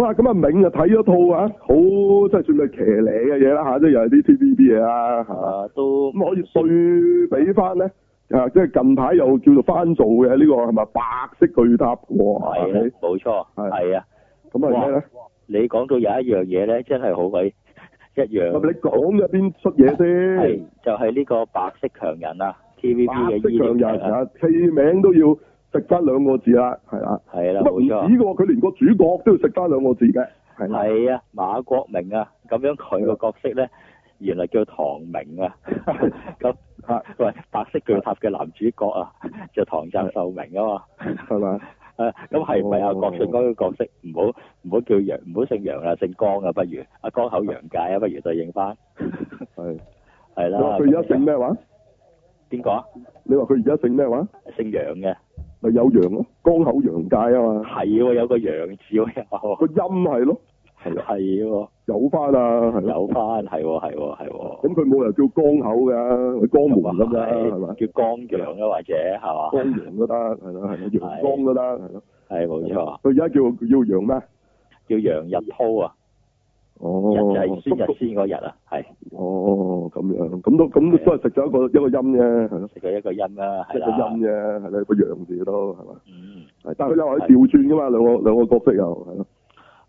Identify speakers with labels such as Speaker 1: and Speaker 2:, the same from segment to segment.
Speaker 1: 好咁啊，銘啊睇咗套啊，好即係算係騎呢嘅嘢啦吓，即係又係啲 T V B 嘢啦嚇，都咁可以碎俾翻咧啊！即係近排又叫做翻做嘅呢個係咪白色巨塔係，冇錯，係啊。咁啊咩咧、啊？
Speaker 2: 你講到有一樣嘢咧，真係好鬼一樣。你
Speaker 1: 講入邊出嘢先？係
Speaker 2: 就係、是、呢個白色強人啊！T V B 嘅白色強人啊，
Speaker 1: 戲、啊啊、名都要。食返兩個字啦，係啦，係啦，冇錯。唔止嘅喎，佢連個主角都要食返兩個字嘅。
Speaker 2: 係啊，馬國明啊，咁樣佢個角色咧，原來叫唐明啊。咁啊，喂，白色巨塔嘅男主角啊，就唐澤壽明啊嘛。係嘛。啊，咁係咪啊？郭晉安嘅角色，唔好唔好叫楊，唔好姓楊啊，姓江啊，不如阿江口洋介啊，不如對應翻。
Speaker 1: 係。係啦。佢而家姓咩話？邊個？你話佢而家姓咩話？
Speaker 2: 姓楊嘅。
Speaker 1: 咪有楊咯，江口洋介啊嘛，
Speaker 2: 係有個楊字喎，個
Speaker 1: 音係咯，係咯，係喎，有翻啦，有翻，係
Speaker 2: 喎，係喎，係喎，
Speaker 1: 咁佢冇人叫江口噶，佢江門噶，係嘛，叫江
Speaker 2: 楊咧，或者係嘛，江楊都得，係咯，係咯，楊江都得，係咯，係冇錯，
Speaker 1: 佢而家叫叫楊咩？
Speaker 2: 叫楊日濤啊。哦，日就係先日先日啊，係，
Speaker 1: 哦，咁樣，咁都咁、啊、都係食咗一個一個音啫，係咯、啊，食
Speaker 2: 咗一個音陰、啊、啦、啊啊啊啊，一個陰啫，
Speaker 1: 係咯、啊，那個陽字都係嘛，嗯，但佢又係調轉噶嘛，兩、啊、個兩個角色又係咯，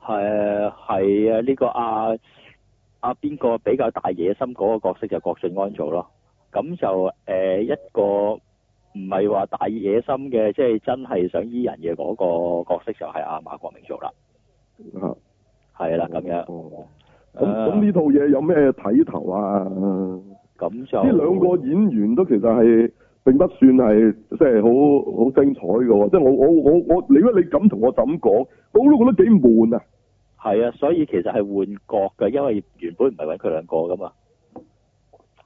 Speaker 2: 係係啊，呢、啊啊這個啊阿邊、啊、個比較大野心嗰個角色就郭晉安做咯，咁就誒、呃、一個唔係話大野心嘅，即、就、係、是、真係想醫人嘅嗰個角色就係阿、啊、馬國明做啦，係啦，咁樣。咁咁呢
Speaker 1: 套嘢有咩睇頭啊？咁就呢兩個演員都其實係，並不算係，即係好好精彩嘅喎。即係我我我我，你屈你咁同我咁講，我都覺得幾悶啊。
Speaker 2: 係啊，所以其實係換角嘅，因為原本唔係搵佢兩個噶
Speaker 1: 嘛、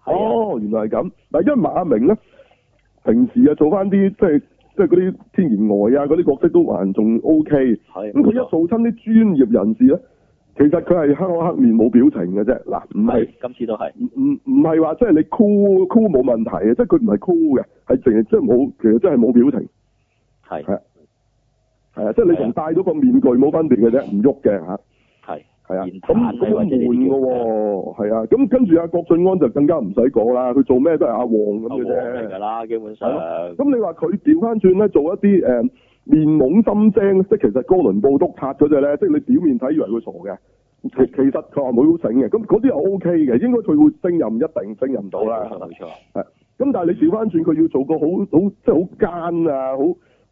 Speaker 1: 啊。哦，原來係咁。嗱，因為馬明咧，平時啊做翻啲即係即係嗰啲天然呆啊嗰啲角色都還仲 O K。係、嗯。咁佢一做親啲專業人士咧。其實佢係黑口黑面冇表情嘅啫，嗱唔係今次都係唔唔話係話即係你箍箍冇問題嘅，即係佢唔係箍嘅，係淨係即係冇，其實真係冇表情，係係係啊，即係你同戴咗個面具冇分別嘅啫，唔喐嘅吓，係係啊，咁咁悶嘅喎，係啊，咁、啊、跟住，阿郭晉安就更加唔使講啦，佢做咩都係阿旺咁嘅啫，基本上，咁、啊、你話佢調翻轉咧做一啲誒。呃面懵心精，即係其實哥倫布督察嗰隻咧，即係你表面睇以為佢傻嘅，其其實佢話冇好醒嘅。咁嗰啲又 O K 嘅，應該佢會升任，一定升任，醒唔到啦。冇錯咁但係你調翻轉，佢、嗯、要做個好好即係好奸啊！好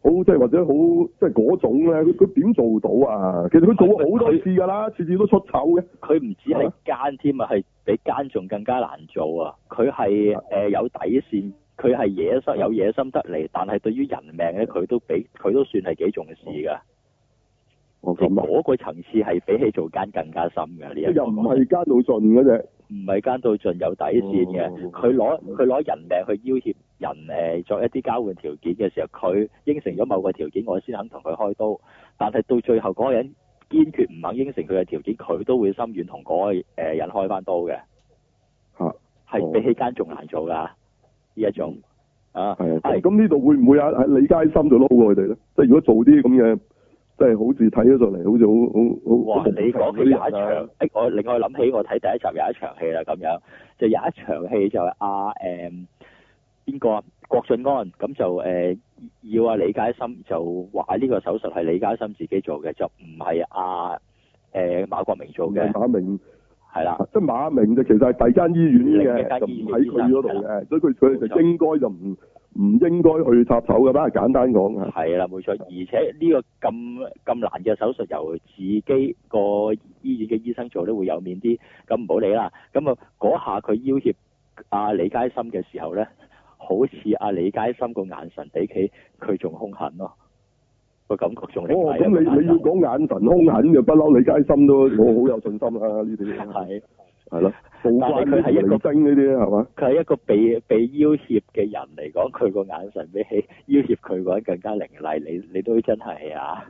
Speaker 1: 好即係或者好即係嗰種咧，佢佢點做到啊？其實佢做過好多
Speaker 2: 次㗎啦，次次都出醜嘅。佢唔止係奸添啊，係比奸仲更加難做啊！佢係誒有底線。佢係野心有野心得嚟，但係對於人命咧，佢都比佢都算係幾重視噶嗰、哦哦、個層次係比起做奸更加深噶呢又唔
Speaker 1: 係奸到盡嗰隻，
Speaker 2: 唔係奸到盡有底線嘅。佢攞佢攞人命去要挾人誒，作一啲交換條件嘅時候，佢應承咗某個條件，我先肯同佢開刀。但係到最後嗰個人堅決唔肯應承佢嘅條件，佢都會心軟同嗰個誒人開翻刀嘅。
Speaker 1: 吓、
Speaker 2: 哦，係比起奸仲難做噶呢一種啊，係係
Speaker 1: 咁呢度會唔會啊？喺李佳芯度撈過佢哋咧，即係如果做啲咁嘅，即係好似睇咗上嚟，好似好好好。話你講起有
Speaker 2: 一場，誒我另外諗起，我睇第一集有一場戲啦，咁樣就有一場戲就阿誒邊個郭晉安咁就誒、呃、要阿、啊、李佳芯就話呢個手術係李佳芯自己做嘅，就唔係阿
Speaker 1: 誒馬國明做嘅。馬明係啦，即係馬明就其實係第二間醫院嘅，院就喺佢嗰度嘅，所以佢佢就應該就唔唔應該去插手嘅，反正簡單講係啦，
Speaker 2: 冇錯。而且呢個咁咁難嘅手術由自己個醫院嘅醫生做都，會有面啲。咁唔好理啦。咁啊，嗰下佢要挾阿李佳森嘅時候咧，好似阿李佳森個眼神比起佢仲兇狠咯，啊。個感覺仲咁、哦、你你要講
Speaker 1: 眼神兇狠嘅，不嬲李佳芯都冇好 有信心啦、啊，呢啲係係啦，無怪啲明星嗰啲係嘛？佢
Speaker 2: 係一,一個被被要挾嘅人嚟講，佢個眼神比起要挾佢嗰啲更加凌厲，你你都真係啊，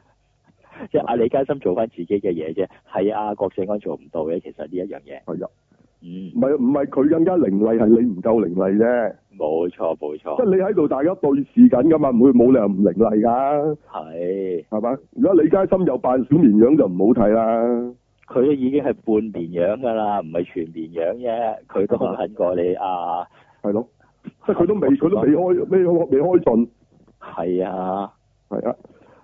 Speaker 2: 即係阿李佳芯做翻自己嘅嘢啫，係啊，郭晉安做唔到嘅，其實呢一樣嘢。
Speaker 1: 唔係唔係佢更加凌厲，係你唔夠凌厲啫。冇錯冇錯，即係你喺度，大家對視緊噶嘛，唔會冇理由唔凌厲噶。係係嘛，如果李佳芯又扮小綿羊就唔好睇啦。佢都已經係半綿
Speaker 2: 羊噶啦，唔係全綿羊啫。佢都肯狠過你啊，係咯、啊，即係佢都未，佢都未開，
Speaker 1: 咩未開盡。係啊，係啊，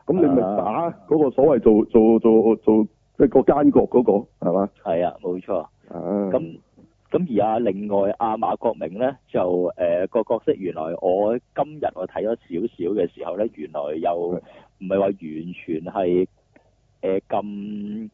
Speaker 1: 咁你咪打嗰個所謂做做做做即係個奸角嗰個係嘛？係啊，
Speaker 2: 冇錯咁。啊咁而啊，另外阿馬國明咧，就誒、呃那個角色原來我今日我睇咗少少嘅時候咧，原來又唔係話完全係誒咁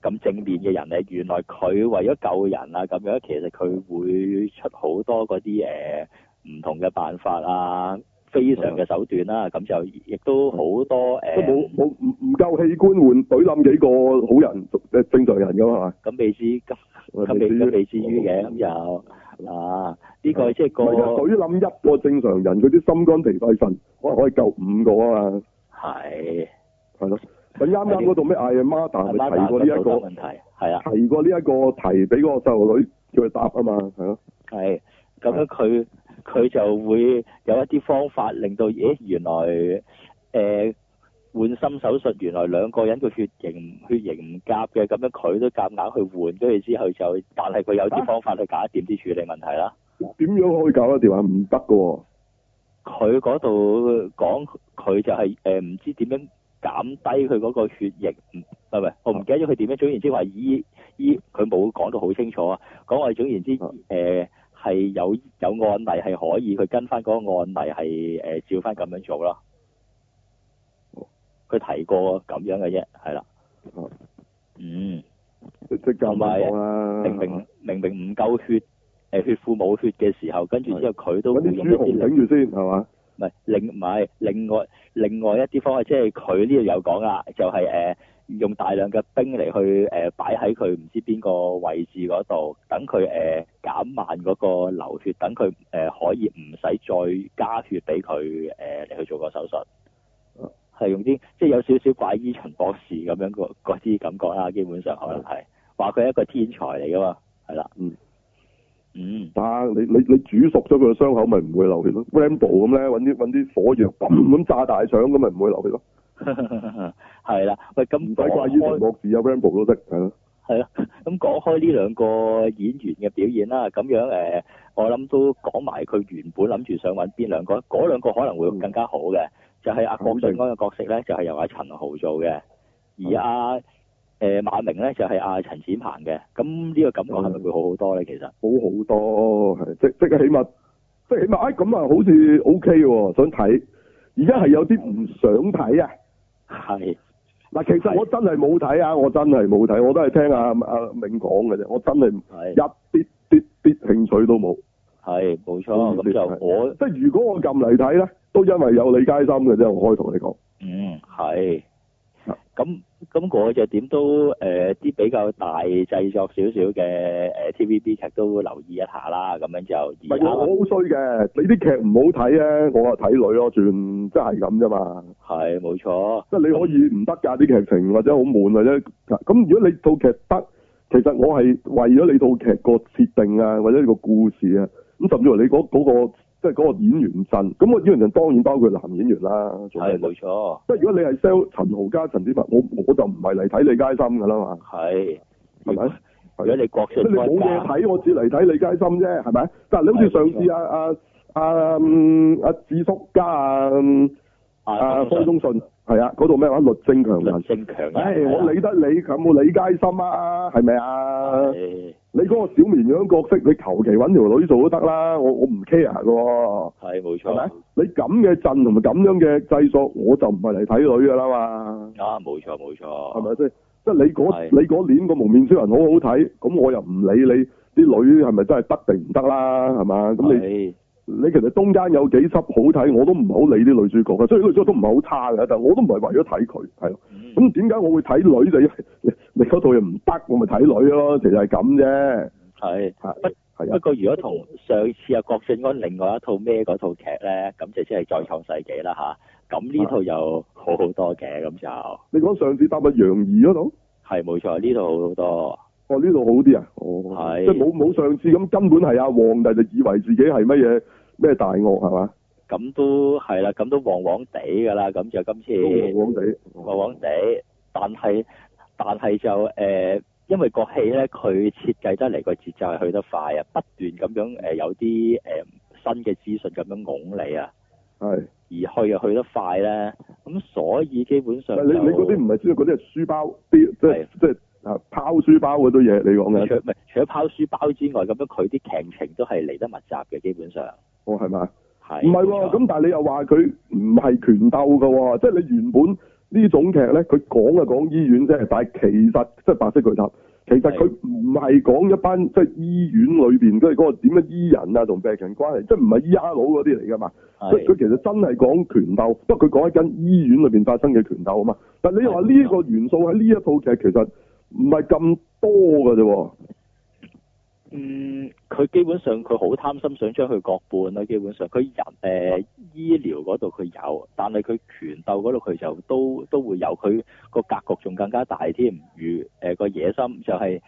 Speaker 2: 咁正面嘅人嚟，原來佢為咗救人啊咁樣，其實佢會出好多嗰啲誒唔同嘅辦法啊。非常嘅手段啦，咁就亦都好多誒、嗯，都冇
Speaker 1: 冇唔唔夠器官換，懟冧幾個好人誒正常人㗎嘛。
Speaker 2: 咁未至於，未至於嘅咁又嗱，呢、啊呢個即係個懟
Speaker 1: 冧一個正常人，佢啲心肝脾肺腎，我可可以救五個啊嘛！係係咯，咁啱啱嗰度咩？阿阿媽咪提過呢、呢、一個，係啊，提過呢一個提俾個細路女叫佢答啊嘛，係咯，
Speaker 2: 係咁樣佢。佢就會有一啲方法令到，咦？原來誒、呃、換心手術原來兩個人個血型血型唔夾嘅，咁樣佢都夾硬，硬去換咗佢之後就，但係佢有啲方法去搞一啲啲處理問題啦。
Speaker 1: 點樣可以搞咧？電話唔得嘅喎。
Speaker 2: 佢嗰度講佢就係誒唔知點樣減低佢嗰個血型唔係唔係，我唔記得咗佢點樣。總言之話醫醫佢冇講到好清楚講我、呃、啊，講話總言之誒。係有有案例，係可以去跟翻嗰個案例，係誒、呃、照翻咁樣做囉。佢提過咁樣嘅啫，係啦。
Speaker 1: 嗯，
Speaker 2: 同埋、啊、明明明明唔夠血，誒、呃、血庫冇血嘅時候，跟住之後佢都揾啲豬紅頂住先，係嘛？唔係，另唔係，另外另外一啲方法，即係佢呢度有講啦，就係、是、誒、呃、用大量嘅冰嚟去誒、呃、擺喺佢唔知邊個位置嗰度，等佢誒、呃、減慢嗰個流血，等佢誒、呃、可以唔使再加血俾佢誒嚟去做個手術。係、嗯、用啲即係有少少怪醫秦博士咁樣嗰啲感覺啦，基本上可能係話佢係一個天才嚟噶嘛，係啦，嗯。
Speaker 1: 嗯，但係你你你煮熟咗佢嘅傷口，咪唔會流血咯。Rambo 咁咧，揾啲啲火藥咁咁炸大腸，咁咪唔會流血
Speaker 2: 咯。係 啦，喂、嗯，咁唔使怪於林柏
Speaker 1: 有 Rambo 都識係咯，
Speaker 2: 係咯。咁講開呢兩個演員嘅表演啦，咁樣誒、呃，我諗都講埋佢原本諗住想揾邊兩個，嗰兩個可能會更加好嘅、嗯，就係、是、阿、啊、郭晉安嘅角色咧、嗯，就係、是、由阿、啊、陳豪做嘅而阿、啊。誒，馬明咧就係阿陳展鵬嘅，咁呢個感覺係咪會好好多咧？其實
Speaker 1: 好好多，即即係起碼，即係起碼啊，咁啊，哎、好似 O K 喎。想睇，而家係有啲唔想睇啊。係嗱，其實我真係冇睇啊，我真係冇睇，我都係聽阿阿、啊、明講嘅啫，我真係唔睇，一啲啲啲興趣都冇。係冇錯，咁就我即係如果我撳嚟睇咧，都因為有李佳芯嘅啫，我可以同你講。嗯，係。咁。咁我就點都
Speaker 2: 誒啲、呃、比較大製作少少嘅 TVB 劇都留意一下啦，咁樣就而家。唔係我好
Speaker 1: 衰嘅，你啲劇唔好睇啊！我啊睇女咯，算即係咁啫嘛。係冇錯，即係你可以唔得㗎，啲劇情或者好悶啊，或者咁，如果你套劇得，其實我係為咗你套劇個設定啊，或者個故事啊，咁甚至乎你嗰嗰個。嗰個即係嗰個演員陣，咁個演員陣當然包括男演員啦。係，冇錯。即係如果你係 sell 陳豪加陳展文，我我就唔係嚟睇李佳芯㗎啦嘛。係，係咪？
Speaker 3: 或者你郭晉安即你冇嘢睇，
Speaker 1: 我只嚟睇李佳芯啫，係咪？嗱，你好似上次阿阿阿阿智叔加阿阿方中信，係啊，嗰度咩話律政強人？律政強，強、哎啊、我理得你咁，我李佳芯啊，係咪啊？你嗰個小綿羊角色，你求其揾條女做都得啦，我我唔 care 喎，係冇錯，係咪？你咁嘅陣同埋咁樣嘅製作，我就唔係嚟睇女噶啦嘛。啊，冇錯冇錯，係咪先？即係你嗰你嗰年個蒙面超人好好睇，咁我又唔理你啲女係咪真係得定唔得啦？係嘛？咁你。你其實中間有幾輯好睇，我都唔好理啲女主角嘅，所以女主角都唔係好差嘅，但我都唔係為咗睇佢，係咯。咁點解我會睇女嚟？你嗰套又唔得，我咪睇女咯，其實係咁啫。係不係？不過如果
Speaker 2: 同上次阿郭晉安另外一套咩嗰套劇咧，咁就即係再創世紀啦嚇。咁呢、啊、套又好好多嘅，咁就
Speaker 1: 你講上次搭阿楊怡嗰度？
Speaker 2: 係冇錯，呢套好好多。哦呢度好啲啊，哦，即係冇
Speaker 1: 冇上次咁，根本係阿皇帝就以為自己係乜嘢咩大鱷係嘛？
Speaker 2: 咁都係啦，咁都旺旺地噶啦，咁就今次旺旺地，旺旺地。但係但係就誒、呃，因為國氣咧，佢設計得嚟個節奏係去得快啊，不斷咁樣誒、呃、有啲誒、呃、新嘅資訊咁樣拱你啊。係。而去就去得快咧，咁所以基本上你。你你嗰啲
Speaker 1: 唔係知道，嗰啲係書包啲即係即係。啊！拋書包嗰啲嘢，你講嘅除
Speaker 2: 唔除咗拋書包之外，咁樣佢啲劇情都係嚟得密集嘅，基本上
Speaker 1: 哦，係嘛？係唔係喎？咁、啊、但係你又話佢唔係拳鬥嘅喎、啊，即、就、係、是、你原本呢種劇咧，佢講就講醫院即啫，但係其實即係、就是、白色巨塔，其實佢唔係講一班即係醫院裏邊即係嗰個點樣醫人啊同病人關係，即係唔係 ER 嗰啲嚟㗎嘛？佢佢其實真係講拳鬥，不過佢講緊醫院裏邊發生嘅拳鬥啊嘛。但係你又話呢個元素喺呢一套劇其實。唔係咁多噶啫。嗯，
Speaker 2: 佢基本上佢好貪心想將佢各半啦。基本上佢人誒、呃、醫療嗰度佢有，但係佢權鬥嗰度佢就都都會有。佢個格局仲更加大添。如誒個野心就係、是，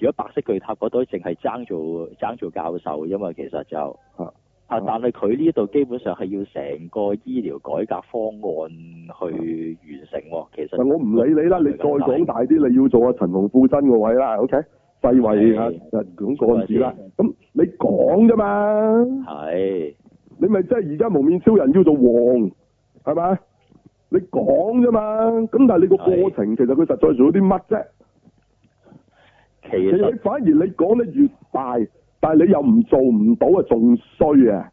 Speaker 2: 如果白色巨塔嗰度淨係爭做爭做教授，因為其實就啊，啊，啊，但係佢呢度基本上係要成個醫療改革方案。去完成喎、啊，其實我唔理你啦，你再講大
Speaker 1: 啲，你要做阿陳龍富新個位啦，OK，細位啊，咁幹事啦，咁你講啫嘛，係，你咪即係而家無面超人要做王，係咪？你講啫嘛，咁但係你個過程其實佢實在做咗啲乜啫，其實你反而你講得越大，但係你又唔做唔到啊，仲衰啊，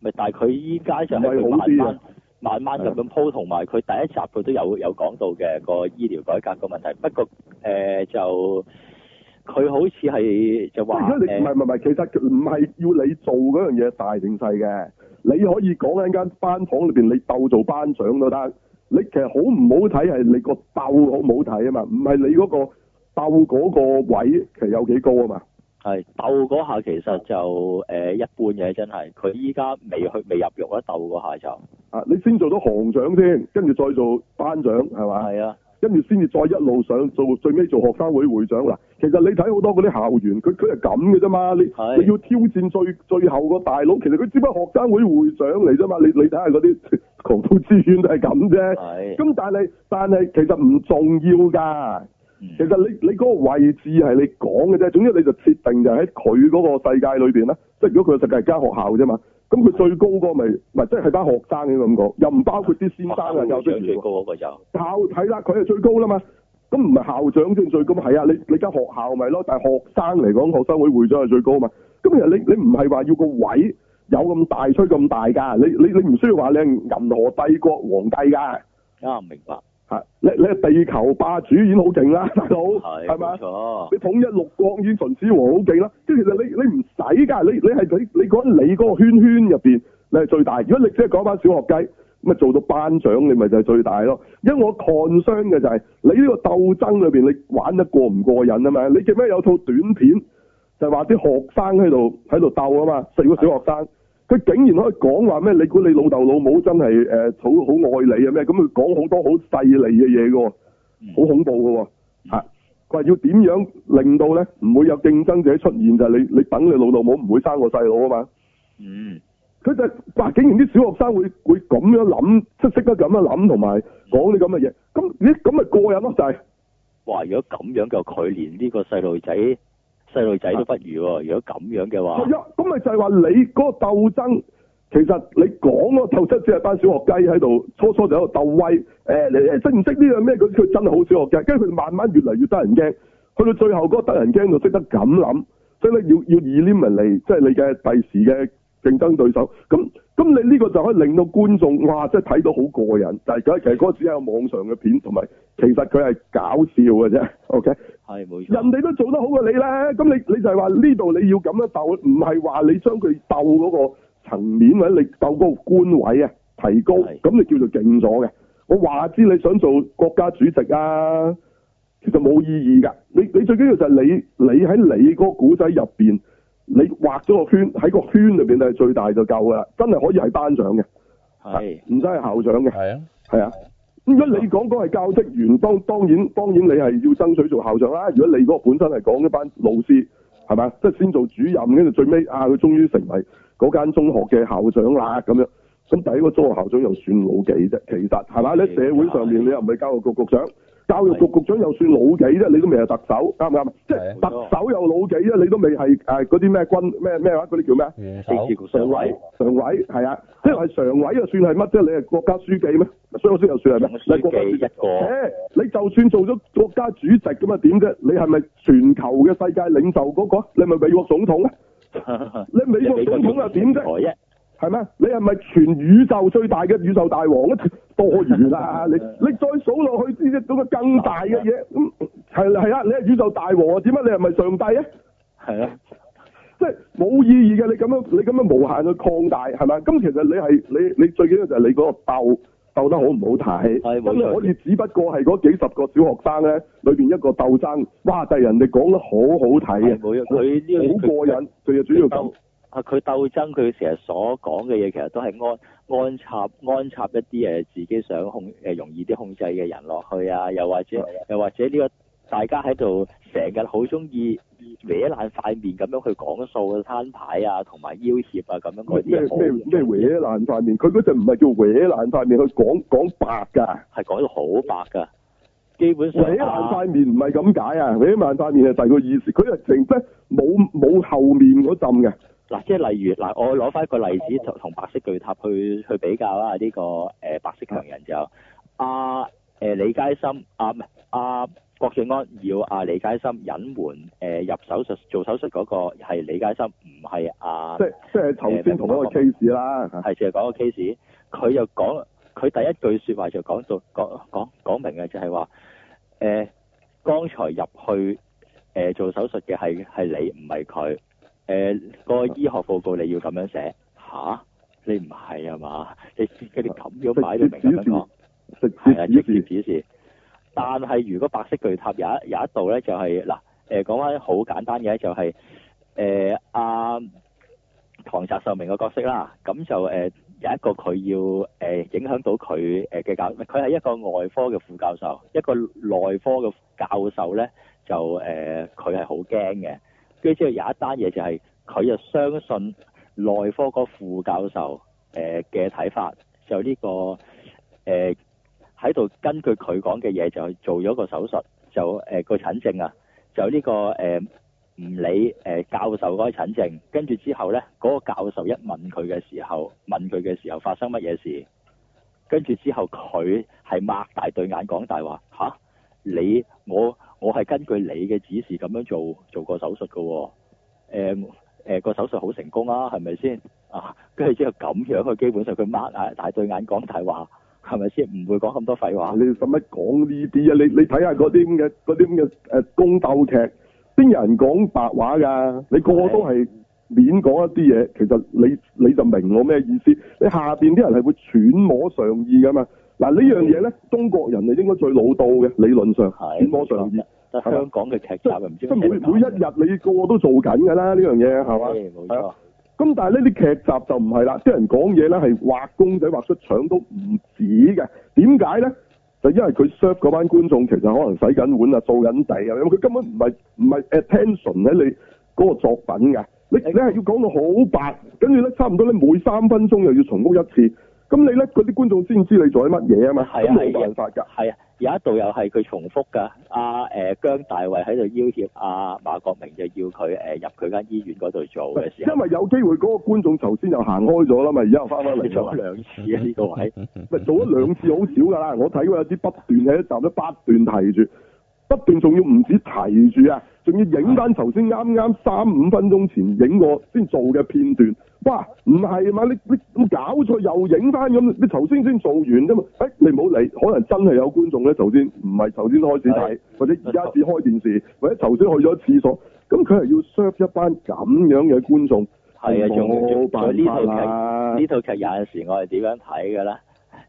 Speaker 2: 咪但係佢依家就係好啲嘢。慢慢就咁鋪，同埋佢第一集佢都有有講到嘅個醫療改革個問題。不過，呃，就佢好似係就話，唔係
Speaker 1: 唔係，其實唔係要你做嗰樣嘢大定細嘅。你可以講喺間班房裏面，你鬥做班長都得。你其實好唔好睇係你個鬥好唔好睇啊嘛？唔係你嗰個鬥嗰個位其實有幾高啊嘛？
Speaker 2: 係鬥嗰下其實就誒、呃、一般嘅，真係佢依家未去未入獄啦。鬥嗰下就
Speaker 1: 啊，你先做到行長先，跟住再做班長係嘛，係啊，跟住先至再一路上做最尾做學生會會長啦。其實你睇好多嗰啲校園，佢佢係咁嘅啫嘛。你你要挑戰最最後個大佬，其實佢只不過學生會會長嚟啫嘛。你你睇下嗰啲狂賭之淵都係咁啫。係，咁但係但係其實唔重要噶。嗯、其實你你嗰個位置係你講嘅啫，總之你就設定就喺佢嗰個世界裏邊啦。即係如果佢實際係間學校啫嘛，咁佢最高個咪即係係班學生嘅咁講，又唔包括啲先生啊。校長最高嗰個又，校係啦，佢係最高啦嘛。咁唔係校長先最高，係啊，你你間學校咪、就、咯、是。但係學生嚟講，學生會會長係最高嘛。咁其實你你唔係話要個位有咁大吹咁大噶，你你你唔需要話你係銀河帝國皇帝噶。
Speaker 2: 啱，明白。
Speaker 1: 你你係地球霸主演好勁啦，大佬，係咪？你統一六國演秦始皇好勁啦。即係其實你你唔使噶，你你係你你講你嗰個圈圈入邊，你係最大。如果你即係講翻小學雞，咁啊做到班長，你咪就係最大咯。因為我看傷嘅就係你呢個鬥爭裏邊，你玩得過唔過癮啊嘛？你記唔記得有套短片就係話啲學生喺度喺度鬥啊嘛？四個小學生。佢竟然可以講話咩？你估你老豆老母真係誒好好愛你啊？咩、嗯、咁？佢講好多好犀利嘅嘢嘅，好恐怖嘅。係，佢話要點樣令到咧唔會有競爭者出現就係、是、你，你等你老豆老母唔會生個細佬啊嘛。嗯，佢就話竟然啲小學生會會咁樣諗，即係識得咁樣諗同埋講啲咁嘅嘢，咁咦咁咪過癮咯就係、啊。哇、就
Speaker 2: 是！如果咁樣就佢連呢個細路仔。細路仔都不如喎，如果咁樣嘅話，係、嗯、
Speaker 1: 啊，咁、嗯、咪就係話你嗰個鬥爭，其實你講個鬥爭只係班小學雞喺度，初初就喺度鬥威，誒、欸，你你識唔識呢樣咩？佢真係好小學雞。跟住佢慢慢越嚟越得人驚，去到最後嗰個怕得人驚就識得咁諗，所以要要以呢啲人嚟，即係你嘅第時嘅競爭對手，咁。咁你呢個就可以令到觀眾哇，即係睇到好過癮。但係佢其實嗰個只係網上嘅片，同埋其實佢係搞笑嘅啫。O K，係冇
Speaker 2: 錯。
Speaker 1: 人哋都做得好過你呢。咁你你就係話呢度你要咁樣鬥，唔係話你將佢鬥嗰個層面或者你鬥個官位啊提高。咁你叫做勁咗嘅。我話知你想做國家主席啊，其實冇意義㗎。你你最緊要就係你你喺你個古仔入邊。你畫咗個圈喺個圈裏邊都係最大就夠噶啦，真係可以係班長嘅，係唔使係校長嘅，係啊，係啊。咁如果你講講係教職員，當當然當然你係要爭取做校長啦。如果你嗰個本身係講一班老師，係咪即係先做主任，跟住最尾啊，佢終於成為嗰間中學嘅校長啦，咁樣。咁第一個中學校長又算老幾啫？其實係咪，你社會上面你又唔係教育局局長。教育局局長又算老幾啫？你都未係特首，啱唔啱？即係特首又老幾啫？你都未係誒嗰啲咩軍咩咩話嗰啲叫咩啊？政治局常委常委，係啊，即係常委又算係乜啫？你係國家書記咩？所以我先又算係咩？書記你國家書記一個誒，你就算做咗國家主席咁啊點啫？你係咪全球嘅世界領袖嗰個？你係咪美國總統啊？
Speaker 2: 你美國總統又點啫？
Speaker 1: 係 咩？ 你係咪全宇宙最大嘅宇宙大王啊？多餘啦、啊！ 你你再數落去知唔到個更大嘅嘢？咁係係啊！你係宇宙大王啊？點解？你係咪上帝啊？係啊！即係冇意義嘅。你咁樣你咁樣無限去擴大，係咪？咁其實你係你你最緊要就係你嗰個鬥鬥得好唔好睇？係。咁我哋只不過係嗰幾十個小學生咧，裏邊一個鬥爭，哇！但、就、係、是、人哋講得好好睇嘅，佢好、這個、過癮。佢緊主要
Speaker 2: 鬥啊！佢鬥爭佢成日所講嘅嘢，其實都係安。安插安插一啲自己想控容易啲控制嘅人落去啊，又或者又或者呢個大家喺度成日好中意搲爛塊面咁樣去講數攤牌啊，同埋要挾啊咁樣嗰啲。咩咩咩搲
Speaker 1: 爛塊面？佢嗰陣唔係叫搲爛塊面，去講講白㗎，
Speaker 2: 係講到好白㗎，基本上。搲爛塊
Speaker 1: 面唔係咁解啊！搲爛塊面係第二個意思，佢係成身冇冇後面嗰陣嘅。嗱，
Speaker 2: 即係例如，嗱，我攞翻一個例子同白色巨塔去去比較啦，呢、這個誒白色強人就阿誒、啊、李佳心，阿唔阿郭晉安要阿、啊、李佳心隱瞞誒入手術做手術嗰個係李佳心，唔係阿即
Speaker 1: 是、啊、即係頭先同嗰個 case、啊那個、
Speaker 2: 啦，係就係講個 case，佢就講佢第一句說話就講到講講講明嘅，就係話誒剛才入去誒、啊、做手術嘅係係你唔係佢。不是他誒、呃，那個醫學報告你要咁樣寫吓？你唔係啊嘛？你你你咁樣擺都明咁樣講，直接指示，直接指示。但係如果白色巨塔有一有一度咧，就係、是、嗱，誒講翻好簡單嘅咧、就是，就係誒阿唐澤壽明嘅角色啦。咁就誒、呃、有一個佢要誒、呃、影響到佢誒嘅教，佢、呃、係一個外科嘅副教授，一個內科嘅教授咧，就誒佢係好驚嘅。呃跟住之後有一單嘢就係，佢就相信內科嗰副教授誒嘅睇法就，這個呃這就，就呢個誒喺度根據佢講嘅嘢就做咗個手術，就誒，這個診證啊，就呢個誒唔理誒教授嗰個診證，跟住之後咧嗰，那個教授一問佢嘅時候，問佢嘅時候發生乜嘢事，跟住之後佢係擘大對眼講大話，吓、啊，你我。我係根據你嘅指示咁樣做做過手術㗎、哦，誒誒個手術好成功啊，係咪先？啊，跟住之後咁樣啊，基本上佢擘啊大對眼講大話，
Speaker 1: 係咪先？唔會講咁多廢話，你做乜講呢啲啊？你你睇下嗰啲咁嘅嗰啲咁嘅誒宮鬥劇，邊有人講白話㗎？你個個都係免講一啲嘢，其實你你就明我咩意思？你下邊啲人係會揣摩上意㗎嘛？嗱，呢樣嘢咧，中國人就應該最老到嘅理論上、演播上，
Speaker 2: 香港嘅劇集唔知。即每
Speaker 1: 每一日你個都做緊㗎啦，呢樣嘢係嘛？咁但係呢啲劇集就唔係啦，啲、就是、人講嘢咧係畫公仔畫出腸都唔止嘅。點解咧？就因為佢 serve 嗰班觀眾其實可能洗緊碗啊、做緊地啊，因為佢根本唔係唔係 attention 喺你嗰個作品㗎。你係要講到好白，跟住咧差唔多咧每三分鐘又要重複一次。咁你咧，嗰啲觀眾先知，知你做緊乜嘢啊嘛？係啊，係啊，啊，
Speaker 2: 有一度又係佢重複㗎。阿、啊、誒、呃、姜大衛喺度邀請阿馬國明，就要佢、呃、入佢間醫院嗰度做嘅時、啊、因
Speaker 1: 為有機會嗰個觀眾頭先又行開咗啦嘛，而家又翻返嚟做咗兩次啊！呢、呢個位咪 做咗兩次，好少㗎啦。我睇過有啲不斷喺一集，都不斷提住。不斷仲要唔止提住啊，仲要影翻頭先啱啱三五分鐘前影過先做嘅片段。哇，唔係嘛？你你咁搞錯又影翻咁，你頭先先做完啫嘛。誒、欸，你唔好嚟，可能真係有觀眾咧。頭先唔係頭先開始睇，或者而家先開電視，或者頭先去咗廁所。咁佢係要 serve 一班咁樣嘅觀眾，
Speaker 2: 係啊，仲冇辦法啦。呢套劇，呢套劇有陣時我係點樣睇嘅啦？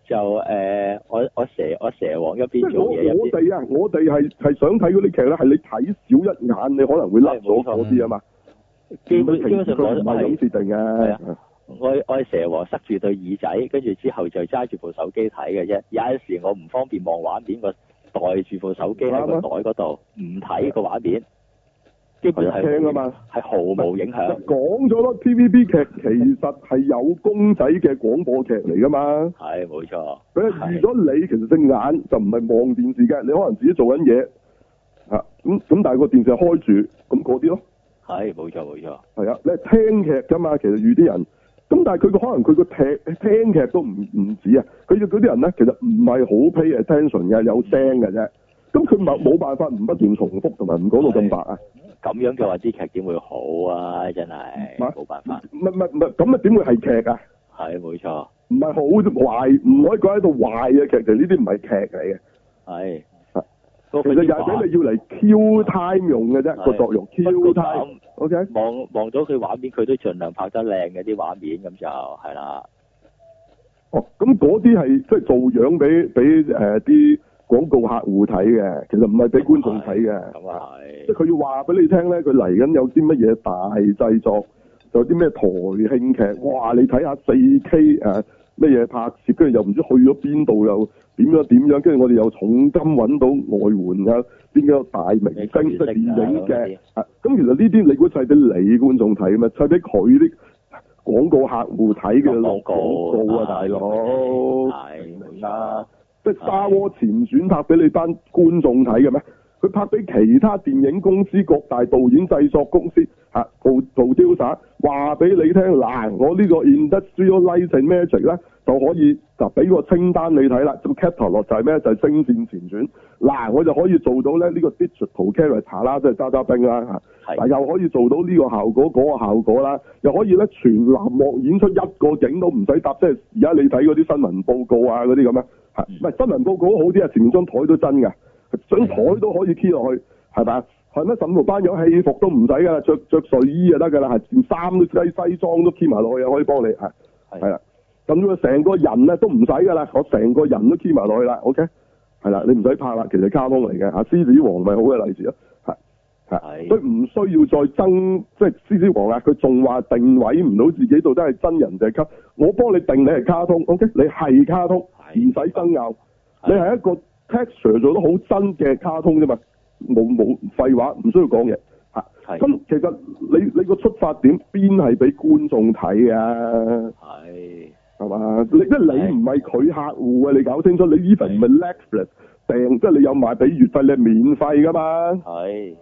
Speaker 2: 就誒、呃，我我蛇我蛇王一邊做嘢我哋
Speaker 1: 啊，我哋係係想睇嗰啲劇咧，係你睇少一眼，你可能會甩咗嗰啲啊嘛、嗯。基本基本上我係冇決定
Speaker 2: 嘅、啊。我我蛇王塞住對耳仔，跟住之後就揸住部手機睇嘅啫。有陣時我唔方便望畫面，我袋住部手機喺個袋嗰度，唔睇個畫面。叫住聽啊嘛，係毫無影
Speaker 1: 響。講咗咯，T V B 劇其實係有公仔嘅廣播劇嚟噶嘛。係 冇 錯。佢預咗你，其實隻眼就唔係望電視嘅，你可能自己做緊嘢嚇。咁、啊、咁，但係個電視開住，咁嗰啲咯。
Speaker 2: 係冇錯冇
Speaker 1: 錯。係啊，你係聽劇㗎嘛，其實預啲人。咁但係佢個可能佢個聽聽劇都唔唔止啊。佢預嗰啲人咧，其實唔係好 pay attention 嘅，有聲嘅啫。咁佢冇冇辦法唔不，不斷重複同埋唔講到咁白啊？
Speaker 2: 咁樣嘅話，啲劇點會好啊？真係
Speaker 1: 冇辦法。唔係唔係唔係，咁
Speaker 2: 啊點會係劇啊？係
Speaker 1: 冇錯。唔係好壞，唔可以講喺度壞嘅劇集，呢啲唔係劇嚟嘅。係。啊，其實又係佢哋要嚟 Q time 用嘅啫，個作用 Q
Speaker 2: time，okay？O K。望望咗佢畫面，佢都盡量拍得靚嘅啲畫面，咁就係啦。
Speaker 1: 哦，咁嗰啲係即係做樣俾俾誒啲。廣告客戶睇嘅，其實唔係俾觀眾睇嘅，即係佢要話俾你聽咧，佢嚟緊有啲乜嘢大製作，有啲咩台慶劇，哇！你睇下四 K 誒咩嘢拍攝，跟住又唔知去咗邊度，又點樣點樣，跟住我哋又重金揾到外援啊，邊個大明星嚟影嘅？咁、啊、其實呢啲你估係俾你觀眾睇咩？係俾佢啲廣告客戶睇嘅廣告啊，大佬明啦。即係沙窩前選拍俾你班觀眾睇嘅咩？佢拍俾其他電影公司、各大導演、製作公司嚇，做做銷省，話俾你聽嗱、啊，我呢個 industrial light and magic 咧，就可以就俾個清單你睇啦。咁 catalog 落就係咩？就係聲線前選嗱、啊，我就可以做到咧呢個 digital character 即係揸揸兵啦嗱、啊、又可以做到呢個效果嗰、嗰個效果啦，又可以咧全藍幕演出一個景都唔使搭，即係而家你睇嗰啲新聞報告啊嗰啲咁樣。係唔係新聞報告好啲啊？前面張台都真嘅，張台都可以黐落去，係咪啊？係咩沈五班有戲服都唔使噶啦，著着睡衣就得噶啦。係連衫都西西裝都黐埋落去，可以幫你係係啦。咁佢成個人咧都唔使噶啦，我成個人都黐埋落去啦。OK，係啦，你唔使怕啦，其實卡通嚟嘅嚇，獅子王咪好嘅例子咯。係所以唔需要再爭即係獅子王啊！佢仲話定位唔到自己到底係真人定係卡通，我幫你定你係卡通。OK，你係卡通。唔使爭拗，是你係一個 texture 做得好真嘅卡通啫嘛，冇冇廢話，唔需要講嘢。嚇、啊，咁其實你你個出發點邊係俾觀眾睇啊？係，係嘛？你即係你唔係佢客戶啊！你搞清楚，你 even 唔係 Netflix 訂，即係你有賣俾月費，你係免費噶嘛？係，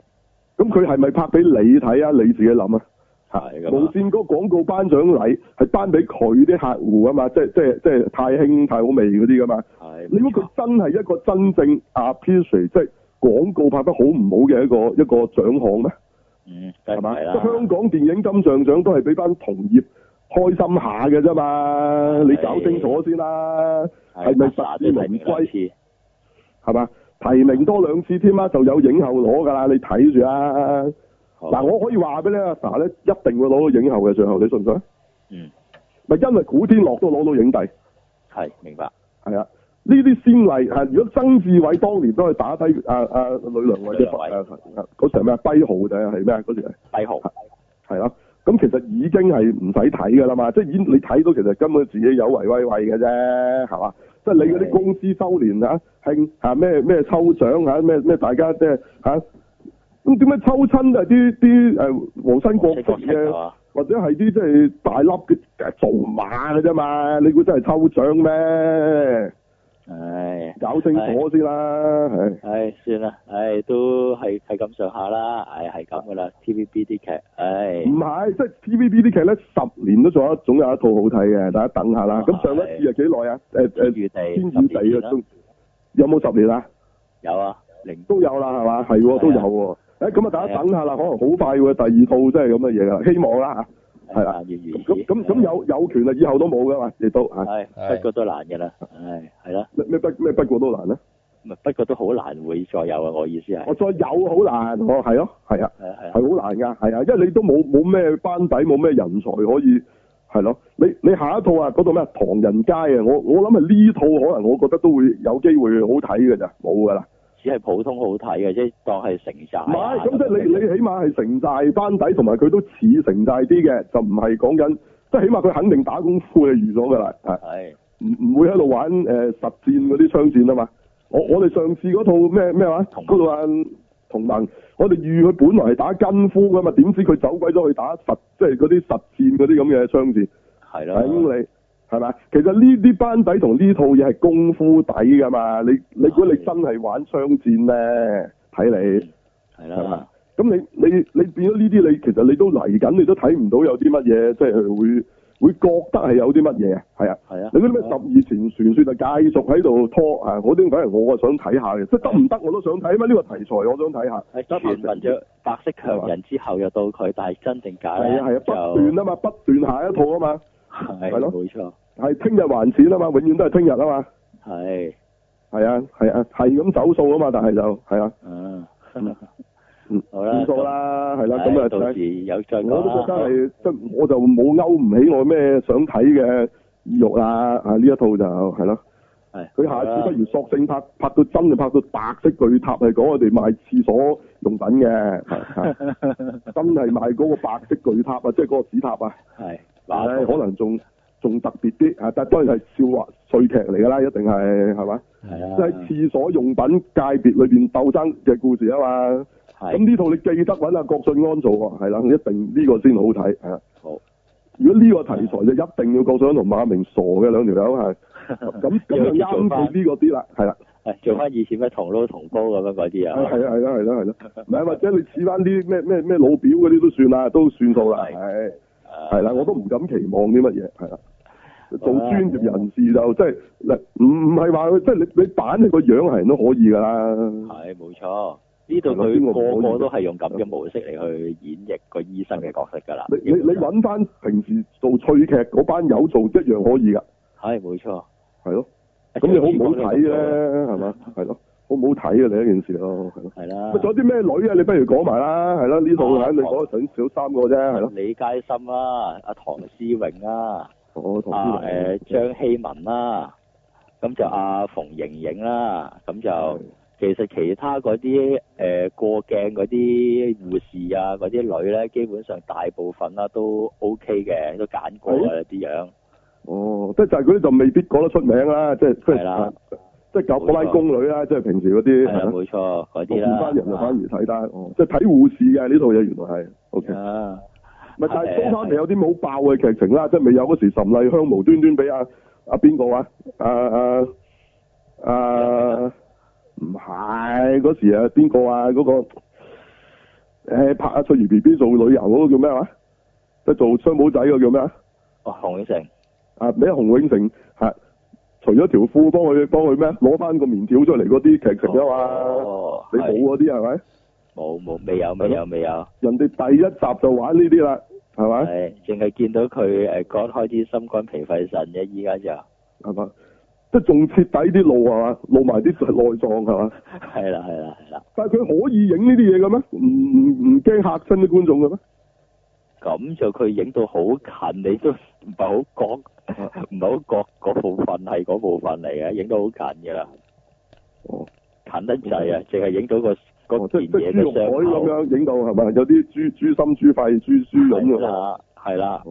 Speaker 1: 咁佢係咪拍俾你睇啊？你自己諗啊！係無線嗰個廣告頒獎禮係頒俾佢啲客戶啊嘛，即係即係即係太興太好味嗰啲噶嘛。係，你估佢真係一個真正 appeal 即係廣告拍得好唔好嘅一個一個獎項咩？嗯，係嘛，香港電影金像獎都係俾翻同業開心下嘅啫嘛，你搞清楚先啦，係咪十名歸次？係嘛，提名多兩次添啊，就有影后攞噶啦，你睇住啦。嗱，我可以話俾你阿 Sir 咧，一定會攞到影后嘅最後，你信唔信？嗯，咪因為古天樂都攞到影帝，
Speaker 2: 係
Speaker 1: 明白，係啊，呢啲先例啊，如果曾志偉當年都係打低阿阿呂良偉嘅，嗰場咩？跛、呃呃呃呃呃呃呃呃、豪嘅？係咩？嗰時跛豪係咯，咁其實已經係唔使睇噶啦嘛，即係已經你睇到，其實根本自己有為威位嘅啫，係嘛？即係你嗰啲公司周年啊，慶啊咩咩抽獎啊，咩咩大家即係吓。啊咁點解抽親都係啲啲誒黃新國劇嘅，或者係啲即係大粒嘅做馬嘅啫嘛？你估真係抽獎咩？係，搞清楚先啦。係唉算啦，
Speaker 2: 唉都係係咁上下啦。唉係咁噶啦，TVB 啲
Speaker 1: 劇，唉唔係即係 TVB 啲劇咧，十年都做一總有一套好睇嘅。大家等下啦。咁、啊、上一次啊幾耐啊？誒誒，先二地啊有冇十年啊？有啊，都有啦係嘛？係喎、啊、都有喎。誒咁啊，大家等下啦、啊，可能好快會，第二套真係咁嘅嘢啦，希望啦嚇，係啊，然然咁咁咁有、啊、有權啊，以後都冇噶嘛，亦都嚇，係、啊啊，不過都難嘅啦，唉、啊，係
Speaker 2: 啦、啊，
Speaker 1: 咩不咩不過都難咯，不過都好難會再有，有很啊，我意思係，我再有好難，我係咯，係啊，係啊，係好難噶，係啊，因為你都冇冇咩班底，冇咩人才可以係咯、啊，你你下一套啊嗰度咩唐人街啊，我我諗係呢套可能我覺得都會有機會好睇嘅咋，冇噶啦。
Speaker 2: 只係普通好睇嘅啫，即當係城寨、啊。唔係，咁即係你你
Speaker 1: 起碼係城寨班底，同埋佢都似城寨啲嘅，就唔係講緊，即係起碼佢肯定打功夫就預咗㗎啦，係。係。唔唔會喺度玩誒、呃、實戰嗰啲槍戰啊嘛！我我哋上次嗰套咩咩話嗰套啊，同盟，那同盟我哋預佢本來係打金夫嘅嘛，點知佢走鬼咗去打實，即係嗰啲實戰嗰啲咁嘅槍戰。係啦。頂你！係咪？其實呢啲班底同呢套嘢係功夫底噶嘛？你你估你真係玩槍戰咧，睇你係啦。咁你你你變咗呢啲，你其實你都嚟緊，你都睇唔到有啲乜嘢，即係會會覺得係有啲乜嘢啊？係啊。係啊。你嗰啲咩十二前傳說啊，繼續喺度拖啊！行行我點解？我啊想睇下嘅，即係得唔得我都想睇啊！呢個題材我想睇下。得
Speaker 2: 白色強人之後又到佢，但係真定假咧？係啊係啊，不斷
Speaker 1: 啊嘛，不斷
Speaker 2: 下一套啊嘛。係。冇錯。
Speaker 1: 係聽日還錢啊嘛，永遠都係聽日啊嘛。係，係啊，係啊，係咁走數啊嘛，但係就係啊。啊，嗯， 好啦，
Speaker 2: 係啦，咁啊，到時有再。我都覺得係，即
Speaker 1: 係、啊、我就冇勾唔起我咩想睇嘅意欲啦。啊，呢一套就係咯。係、啊，佢下次不如索性拍，拍到真就拍到白色巨塔嚟講，我哋賣廁所用品嘅。啊、 真係賣嗰個白色巨塔啊，即係嗰個紙塔啊。係，嗱，可能仲。仲特別啲啊！但係當然係笑話、碎劇嚟㗎啦，一定係係嘛？係啊！即、就、係、是、廁所用品界別裏邊鬥爭嘅故事啊嘛。係。咁呢套你記得揾阿、啊、郭晉安做是啊？係啦，一定呢個先好睇啊！好。如果呢個題材、啊、就一定要郭晉安同馬明傻嘅兩條友係。咁咁就啱做啲嗰啲啦。係啦、啊。做翻以前嘅啲同撈同煲咁樣嗰啲啊。係啊！係啦、啊！係啦、啊！係啦、啊！唔、啊啊 啊、或者你似翻啲咩咩咩老表嗰啲都算啦， 都算數啦。係、啊。係啦、啊啊啊，我都唔敢期望啲乜嘢係啦。是啊做專業人士是、啊是啊、就即係嗱，唔唔係話即係你你扮你個樣係人都可以㗎啦。
Speaker 2: 係冇錯，呢度佢個個都係用咁嘅模式嚟去演繹個醫生嘅角色㗎啦、啊啊。你你揾
Speaker 1: 翻平時做趣劇嗰班友做一樣可以㗎。係冇、啊、錯，係咯，咁你好唔好睇咧？係嘛，係咯，好唔好睇啊？你一、啊啊啊、件事咯，係咯、啊。係啦、啊。乜仲有啲咩女啊？你不如講埋啦，係啦、啊，呢度肯定講少少三個啫，係咯、啊。李佳芯啦、啊，阿、啊、唐
Speaker 2: 詩詠啦。我阿誒張曦雯啦、啊，咁就阿、啊、馮盈盈啦，咁就其實其他嗰啲誒過鏡嗰啲護士啊，嗰啲女咧，基本上大部分啦都 O K 嘅，都
Speaker 1: 揀、OK、過啲樣哦，即係就係嗰啲就未必講得出名啦，即係即係即係九拉宮女啦，即係平時嗰啲。冇錯，嗰啲啦。見翻人就反而睇得，即係睇護士嘅呢套嘢原來係 O K。啊！咪就係《東山奇》有啲冇爆嘅劇情啦，即係未有嗰時，岑麗香無端端俾阿阿邊個啊？阿阿唔係嗰時啊？邊個啊？嗰、啊啊啊那個誒、啊、拍阿翠如 B B 做旅遊嗰個叫咩話、啊？即係做雙武仔嘅叫咩？哦，洪永城。啊！你洪永城，係除咗條褲幫佢幫佢咩攞翻個棉條出嚟嗰啲劇情啊嘛、哦？你冇嗰啲係咪？冇冇未有未有未有，有，人哋第一集就玩呢啲啦，係咪？係，淨係見到佢
Speaker 2: 誒割開啲心肝脾肺腎嘅，依家就係嘛，
Speaker 1: 都仲徹底啲露啊嘛，露埋啲內臟係嘛。係啦係啦係啦，但係佢可以影呢啲嘢嘅咩？唔唔驚嚇親啲觀眾嘅咩？
Speaker 2: 咁就佢影到好近，你都唔係好覺唔係好覺嗰部分係嗰部分嚟嘅，影到好近噶啦，哦，近得滯啊，淨係影到一個。即即豬肉海咁樣影
Speaker 1: 到係咪有啲豬心豬肺豬豬咁啊？
Speaker 2: 係啦、
Speaker 1: 啊，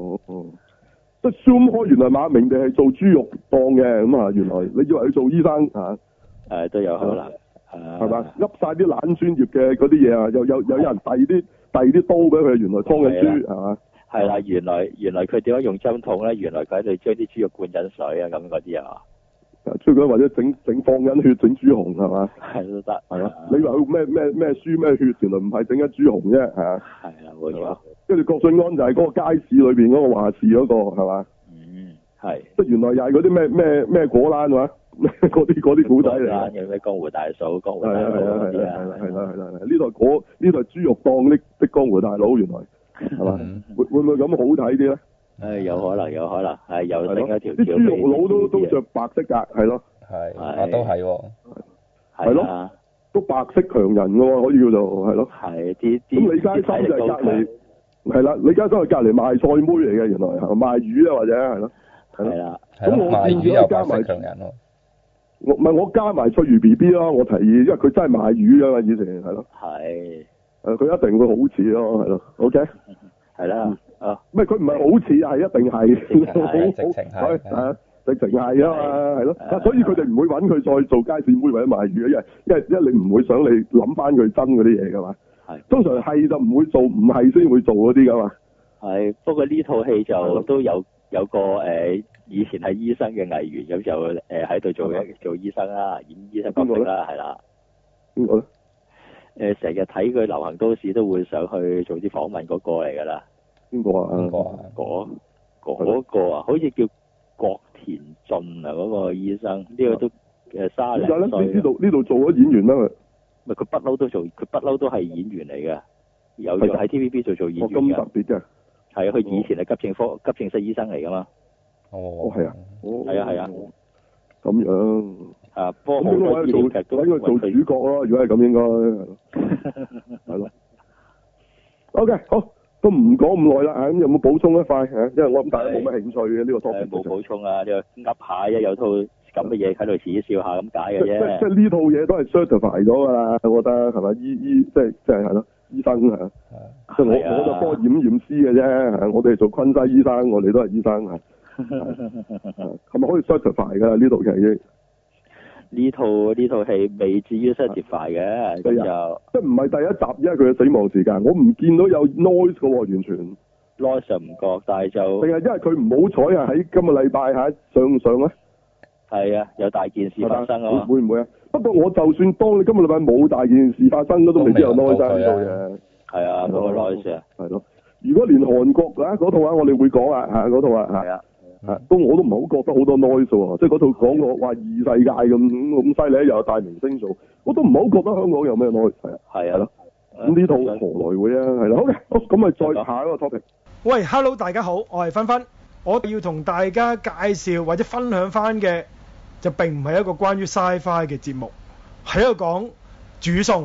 Speaker 1: 即 zoom 開原來馬明地係做豬肉檔嘅，咁啊原來你以為佢做醫生、啊
Speaker 2: 啊、都有可能，係、啊、嘛？
Speaker 1: 噏晒啲懶專業嘅嗰啲嘢啊，又有有，有有人遞啲啲、啊、刀俾佢，原來劏嘅豬係嘛？
Speaker 2: 啦、啊啊啊啊啊，原來原來佢點樣用針筒咧？原來佢喺度將啲豬肉灌緊水啊！咁嗰啲啊～
Speaker 1: 出鬼或者整整放緊血整豬紅係嘛，係都得係啊。你話咩咩咩輸咩血，原來唔係整一豬紅啫吓。係啊，冇啊。跟住郭晉安就係嗰個街市裏邊嗰個話事嗰個係嘛？嗯，係。即原來又係嗰啲咩咩咩果欄話，咩嗰啲嗰啲古仔嚟嘅咩江
Speaker 2: 湖大嫂？江湖大嫂嗰啊。係啦係，係，
Speaker 1: 呢度果呢度豬豬肉檔啲的江湖大佬，原來係嘛？ 會會唔會咁好睇啲咧？
Speaker 2: 哎、有可能，有可能，係有整一條豬肉佬、呃、都比較比較都着
Speaker 1: 白色噶，係咯，係啊，都係、呃，係咯，都白色強人嘅喎，可以叫做係咯，係啲啲啲睇到嘅，係啦，李家山係隔籬賣菜妹嚟嘅，原來賣魚啊，或者係咯，係啦，咁我建議又白色強人加埋，我唔係我加埋翠如 B B 咯，我提議，因為佢真係賣魚嘅、啊、嘛，以前係咯，係，誒，佢一定會好似咯、啊，係咯，OK，係啦。啊，唔係佢唔係好似係一定係，係直情係啊，直情係啊嘛，係咯，所以佢哋唔會搵佢再做街市妹或者賣魚嘅，因為因為一你唔會想你諗翻佢真嗰啲嘢噶嘛，係通常係就唔會做，唔係先會做嗰啲噶嘛。
Speaker 2: 係，不過呢套戲就都有有個誒以前係醫生嘅藝員，咁就誒喺度做做醫生啦，演醫生角色啦，係啦。邊個？誒，成日睇佢流行都市都會上去做啲訪問嗰個嚟噶啦。
Speaker 1: 邊個啊？邊個
Speaker 2: 啊？嗰嗰啊，好似叫郭田俊啊，嗰、嗰個醫生呢、呢個都誒沙。又呢度
Speaker 1: 呢度做咗演員啦、啊。
Speaker 2: 佢，佢不嬲都做，佢不嬲都係演員嚟嘅，有喺 TVB 做做演員咁特別嘅。係佢以前係急症科、哦、急症室醫生嚟噶嘛？
Speaker 1: 哦，係啊，
Speaker 2: 係、哦、啊，係、哦、啊，
Speaker 1: 咁、哦啊哦啊、樣。是啊，科。咁應該係做，因為做主角咯。如果係咁，應該係咯。O、okay, K，好。都唔講咁耐啦，嚇咁有冇補充一塊？嚇，因為我諗大家冇乜
Speaker 2: 興趣嘅呢、呢個 topic。冇補充啊，呢係噏下有一套套了了，即係有套咁嘅嘢喺度恥
Speaker 1: 笑下咁解嘅啫。即即呢套嘢都係 certify 咗㗎啦，我覺得係咪？醫醫即即係係咯，醫生嚇、啊。我得科研研我就多驗屍嘅啫，嚇我哋做昆西醫生，我哋都係醫生嚇。係咪 可以 certified 㗎？呢度其實已經。
Speaker 2: 呢套呢套戲未至於失掉快嘅，又、
Speaker 1: 啊，即係唔係第一集，因為佢嘅死亡時間，我唔見到有 noise 㗎喎，完全
Speaker 2: noise 就唔覺得，但係就定係因為
Speaker 1: 佢唔好彩啊！喺今個禮拜吓上唔上咧？
Speaker 2: 係啊，有大件事發生啊！啊會唔會，
Speaker 1: 會啊？不過我就算當你今個禮拜冇大件事發生都都未必有 noise 喺度嘅，係啊，是啊是
Speaker 2: 啊有冇 noise 啊？係咯、
Speaker 1: 啊，如果連韓國嘅嗰套，那套啊，我哋會講啊吓套啊，係啊。啊、嗯！都我都唔好覺得好多 noise 喎，即係嗰套講個話異世界咁咁犀利，又有大明星做，我都唔好覺得香港有咩 noise。係啊，係啊，咁呢套何來會啊？係啦，好嘅，咁、哦、咪再下
Speaker 3: 一個 topic。喂，Hello，大家好，我係芬芬，我要同大家介紹或者分享翻嘅就並唔係一個關於 Sci-Fi 嘅節目，係一個講煮餸、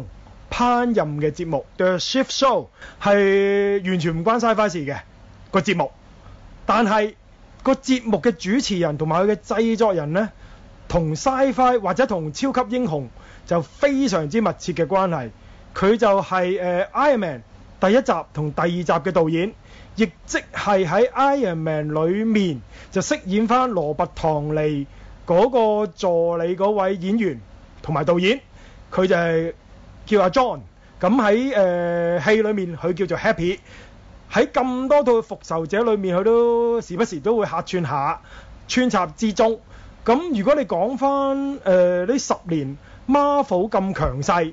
Speaker 3: 烹飪嘅節目，The Chef Show 係完全唔關 Sci-Fi 事嘅個節目，但係。個節目嘅主持人同埋佢嘅製作人呢，同 Sci-Fi 或者同超級英雄就非常之密切嘅關係。佢就係、是、誒、呃、Iron Man 第一集同第二集嘅導演，亦即係喺 Iron Man 裏面就飾演翻羅拔唐尼嗰個助理嗰位演員同埋導演。佢就係叫阿 John，咁喺誒戲裡面佢叫做 Happy。喺咁多套《復仇者》裏面，佢都時不時都會客串下穿插之中。咁如果你講翻誒呢十年，《Marvel》咁強勢，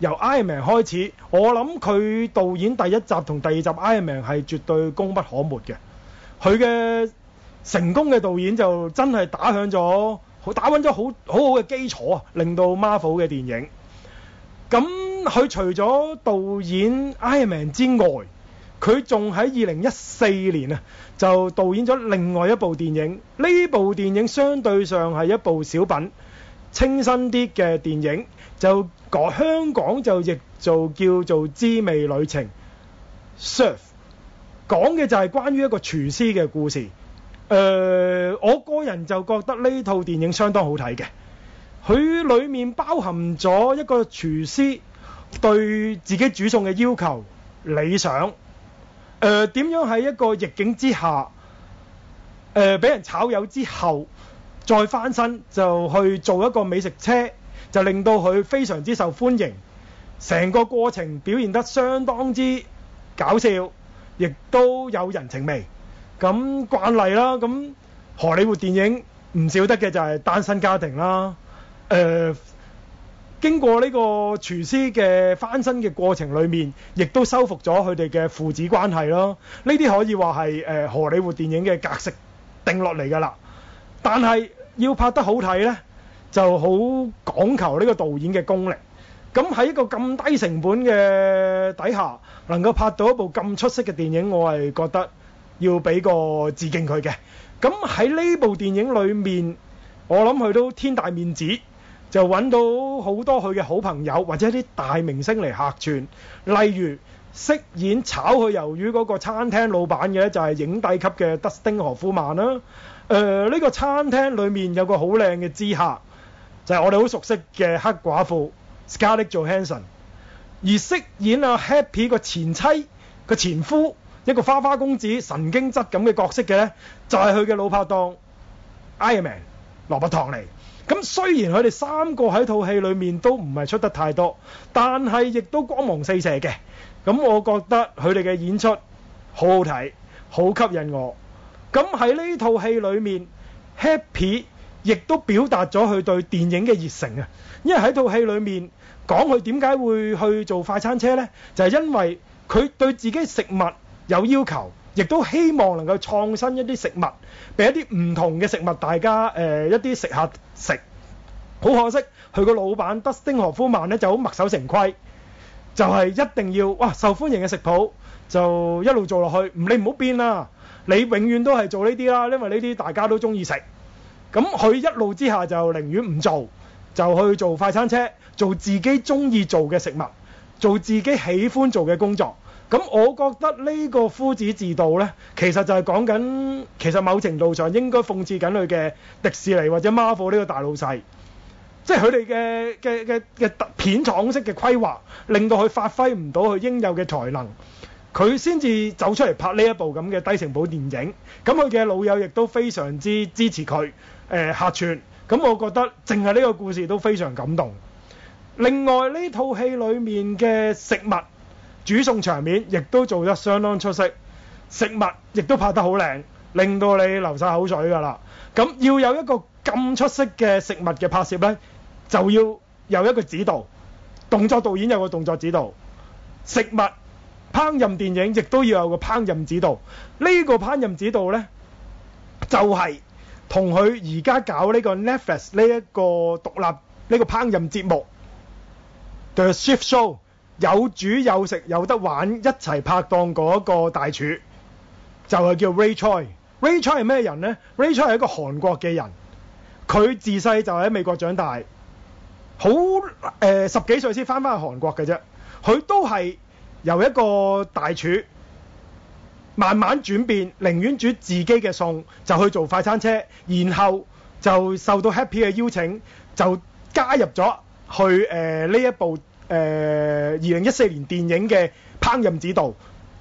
Speaker 3: 由 Iron Man 開始，我諗佢導演第一集同第二集 Iron Man 係絕對功不可沒嘅。佢嘅成功嘅導演就真係打響咗，打穩咗好好好嘅基礎啊，令到 Marvel 嘅電影。咁佢除咗導演 Iron Man 之外，佢仲喺二零一四年啊，就導演咗另外一部電影。呢部電影相對上係一部小品、清新啲嘅電影，就講香港就譯做叫做《滋味旅程》。Chef 講嘅就係關於一個廚師嘅故事。誒、呃，我個人就覺得呢套電影相當好睇嘅。佢裡面包含咗一個廚師對自己煮餸嘅要求、理想。誒、呃、點樣喺一個逆境之下，誒、呃、俾人炒魷之後再翻身，就去做一個美食車，就令到佢非常之受歡迎。成個過程表現得相當之搞笑，亦都有人情味。咁、嗯、慣例啦，咁、嗯、荷里活電影唔少得嘅就係單身家庭啦。呃經過呢個廚師嘅翻身嘅過程裏面，亦都修復咗佢哋嘅父子關係咯。呢啲可以話係誒荷里活電影嘅格式定落嚟噶啦。但係要拍得好睇呢，就好講求呢個導演嘅功力。咁喺一個咁低成本嘅底下，能夠拍到一部咁出色嘅電影，我係覺得要俾個致敬佢嘅。咁喺呢部電影裏面，我諗佢都天大面子。就揾到好多佢嘅好朋友或者一啲大明星嚟客串，例如飾演炒佢魷魚嗰個餐廳老闆嘅咧就係、是、影帝級嘅德斯汀何夫曼啦。誒、這、呢個餐廳裏面有個好靚嘅知客，就係、是、我哋好熟悉嘅黑寡婦 Scarlett Johansson。而飾演阿、啊、Happy 個前妻、個前夫一個花花公子、神經質咁嘅角色嘅咧，就係佢嘅老拍檔 Iron Man 蘿蔔堂嚟。咁雖然佢哋三個喺套戲裏面都唔係出得太多，但係亦都光芒四射嘅。咁我覺得佢哋嘅演出好好睇，好吸引我。咁喺呢套戲裏面 ，Happy 亦都表達咗佢對電影嘅熱誠啊！因為喺套戲裏面講佢點解會去做快餐車呢？就係因為佢對自己食物有要求。亦都希望能夠創新一啲食物，俾一啲唔同嘅食物大家誒、呃、一啲食客食。好可惜，佢個老闆德斯汀荷夫曼咧就好墨守成規，就係、是、一定要哇受歡迎嘅食譜就一路做落去，唔你唔好變啦，你永遠都係做呢啲啦，因為呢啲大家都中意食。咁佢一路之下就寧願唔做，就去做快餐車，做自己中意做嘅食物，做自己喜歡做嘅工作。咁我覺得呢個夫子自道呢，其實就係講緊，其實某程度上應該諷刺緊佢嘅迪士尼或者 Marvel 呢個大老細，即係佢哋嘅嘅嘅片廠式嘅規劃，令到佢發揮唔到佢應有嘅才能，佢先至走出嚟拍呢一部咁嘅低成本電影。咁佢嘅老友亦都非常之支持佢、呃，客串。咁我覺得淨係呢個故事都非常感動。另外呢套戲裏面嘅食物。主送場面亦都做得相當出色，食物亦都拍得好靚，令到你流晒口水㗎啦。咁要有一個咁出色嘅食物嘅拍攝呢，就要有一個指導，動作導演有個動作指導，食物烹飪電影亦都要有個烹飪指導。呢、這個烹飪指導呢，就係同佢而家搞呢個 n e t f e s 呢一個獨立呢、這個烹飪節目 The h i f Show。有煮有食有得玩，一齊拍檔嗰個大廚就係、是、叫 Ray Choi。Ray Choi 係咩人呢？Ray Choi 係一個韓國嘅人，佢自細就喺美國長大，好、呃、十幾歲先翻返去韓國嘅啫。佢都係由一個大廚慢慢轉變，寧願煮自己嘅餸就去做快餐車，然後就受到 Happy 嘅邀請，就加入咗去誒呢、呃、一部。誒二零一四年電影嘅烹飪指導，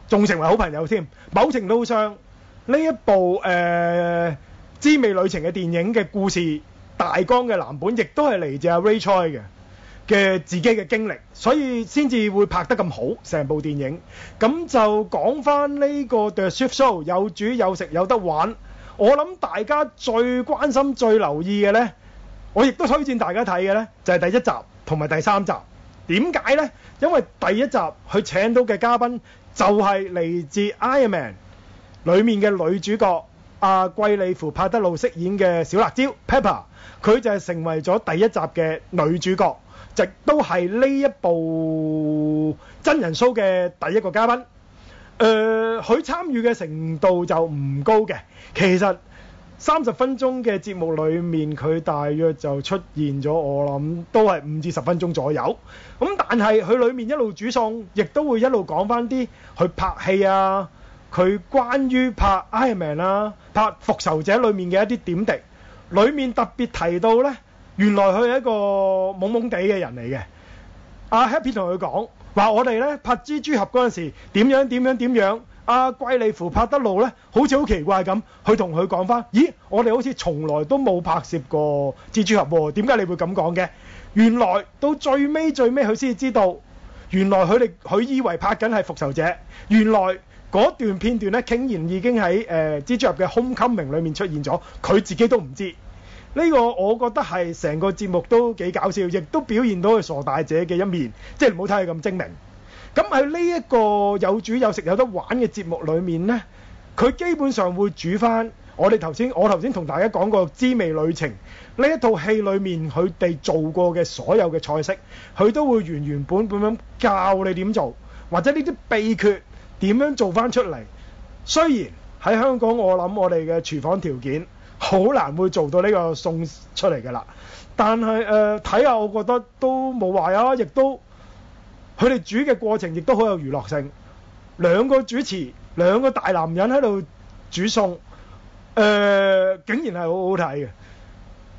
Speaker 3: 仲成為好朋友添。某程度上，呢一部誒、呃、滋味旅程嘅電影嘅故事大綱嘅藍本，亦都係嚟自阿 Ray Choi 嘅嘅自己嘅經歷，所以先至會拍得咁好成部電影。咁就講返呢個 The Chef Show 有煮有食有得玩。我諗大家最關心最留意嘅呢，我亦都推薦大家睇嘅呢，就係、是、第一集同埋第三集。點解呢？因為第一集佢請到嘅嘉賓就係嚟自《Iron Man》裏面嘅女主角阿桂利芙帕德魯飾演嘅小辣椒 Pepper，佢就係成為咗第一集嘅女主角，亦都係呢一部真人 show 嘅第一個嘉賓。誒，佢參與嘅程度就唔高嘅，其實。三十分鐘嘅節目裏面，佢大約就出現咗，我諗都係五至十分鐘左右。咁但係佢裏面一路煮餸，亦都會一路講翻啲去拍戲啊，佢關於拍 Iron Man 啊，拍復仇者裏面嘅一啲點滴。裏面特別提到呢，原來佢係一個懵懵地嘅人嚟嘅。阿 Happy 同佢講話：說說我哋呢，拍蜘蛛俠嗰陣時點樣點樣點樣。阿、啊、桂利夫拍得路呢，好似好奇怪咁。佢同佢講翻，咦，我哋好似從來都冇拍攝過蜘蛛俠喎、哦，點解你會咁講嘅？原來到最尾最尾，佢先知道，原來佢哋佢以為拍緊係復仇者，原來嗰段片段呢，竟然已經喺、呃、蜘蛛俠嘅 Homecoming 裏面出現咗，佢自己都唔知。呢、這個我覺得係成個節目都幾搞笑，亦都表現到佢傻大姐嘅一面，即係唔好睇佢咁精明。咁喺呢一個有煮有食有得玩嘅節目裏面呢，佢基本上會煮翻我哋頭先，我頭先同大家講過《滋味旅程》呢一套戲裏面佢哋做過嘅所有嘅菜式，佢都會原原本本咁教你點做，或者呢啲秘訣點樣做翻出嚟。雖然喺香港我諗我哋嘅廚房條件好難會做到呢個送出嚟㗎啦，但係誒睇下，呃、看看我覺得都冇壞啊，亦都。佢哋煮嘅過程亦都好有娛樂性，兩個主持兩個大男人喺度煮餸，呃，竟然係好好睇嘅，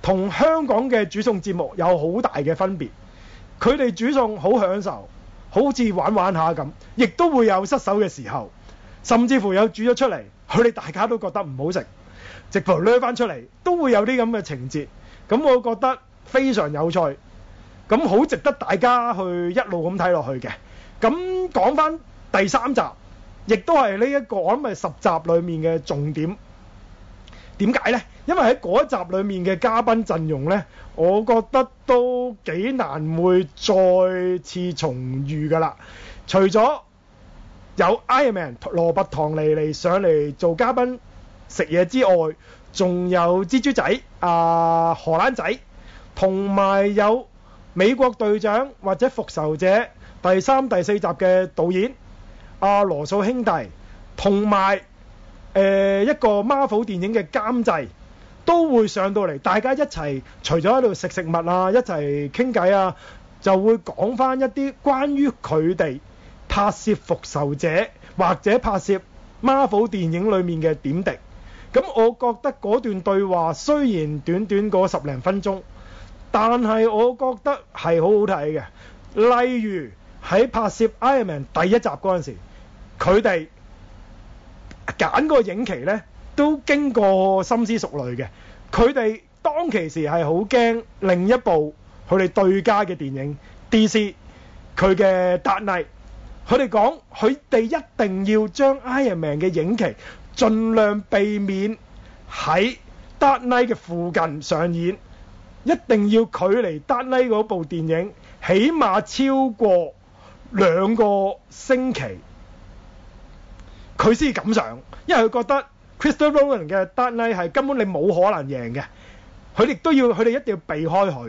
Speaker 3: 同香港嘅煮餸節目有好大嘅分別。佢哋煮餸好享受，好似玩玩下咁，亦都會有失手嘅時候，甚至乎有煮咗出嚟，佢哋大家都覺得唔好食，直頭掠翻出嚟，都會有啲咁嘅情節。咁我覺得非常有趣。咁好值得大家去一路咁睇落去嘅。咁講翻第三集，亦都係呢一個我諗係十集裡面嘅重點。點解呢？因為喺嗰一集裡面嘅嘉賓陣容呢，我覺得都幾難會再次重遇㗎啦。除咗有 Iron Man 蘿蔔唐尼嚟上嚟做嘉賓食嘢之外，仲有蜘蛛仔、阿荷蘭仔，同埋有，美國隊長或者復仇者第三、第四集嘅導演阿、啊、羅素兄弟，同埋誒一個 Marvel 電影嘅監製都會上到嚟，大家一齊除咗喺度食食物啊，一齊傾偈啊，就會講翻一啲關於佢哋拍攝復仇者或者拍攝 Marvel 電影裡面嘅點滴。咁我覺得嗰段對話雖然短短過十零分鐘。但係我覺得係好好睇嘅，例如喺拍攝《Iron Man》第一集嗰陣時候，佢哋揀個影期呢，都經過深思熟慮嘅。佢哋當其時係好驚另一部佢哋對家嘅電影 DC 佢嘅《Dark Knight》，佢哋講佢哋一定要將《Iron Man》嘅影期盡量避免喺《Dark Knight》嘅附近上演。一定要距離 Dark Knight 嗰部電影起碼超過兩個星期，佢先敢上，因為佢覺得 Christopher Nolan 嘅 Dark Knight 係根本你冇可能贏嘅。佢哋都要，佢哋一定要避開佢。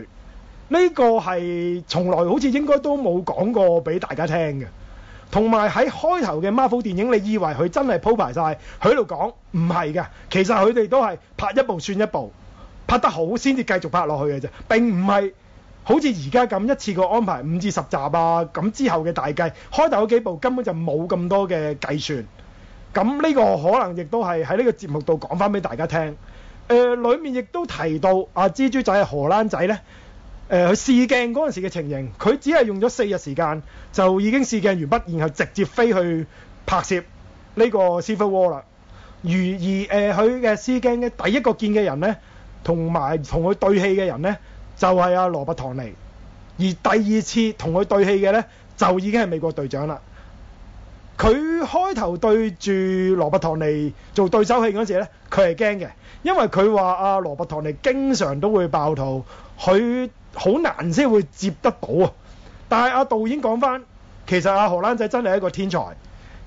Speaker 3: 呢個係從來好似應該都冇講過俾大家聽嘅。同埋喺開頭嘅 Marvel 電影，你以為佢真係鋪排晒，佢喺度講唔係嘅。其實佢哋都係拍一部算一部。拍得好先至，繼續拍落去嘅啫。並唔係好似而家咁一次過安排五至十集啊。咁之後嘅大計開頭嗰幾部根本就冇咁多嘅計算。咁呢個可能亦都係喺呢個節目度講翻俾大家聽。誒、呃，裡面亦都提到阿、啊、蜘蛛仔係荷蘭仔呢。誒、呃，佢試鏡嗰陣時嘅情形，佢只係用咗四日時間就已經試鏡完畢，然後直接飛去拍攝呢個 Civil War 了《師傅窩》啦、呃。如而誒，佢嘅試鏡嘅第一個見嘅人呢。同埋同佢對戲嘅人呢，就係、是、阿、啊、羅拔唐尼，而第二次同佢對戲嘅呢，就已經係美國隊長啦。佢開頭對住羅拔唐尼做對手戲嗰陣時呢，佢係驚嘅，因為佢話阿羅拔唐尼經常都會爆肚，佢好難先會接得到啊。但係阿、啊、導演講返，其實阿、啊、荷蘭仔真係一個天才，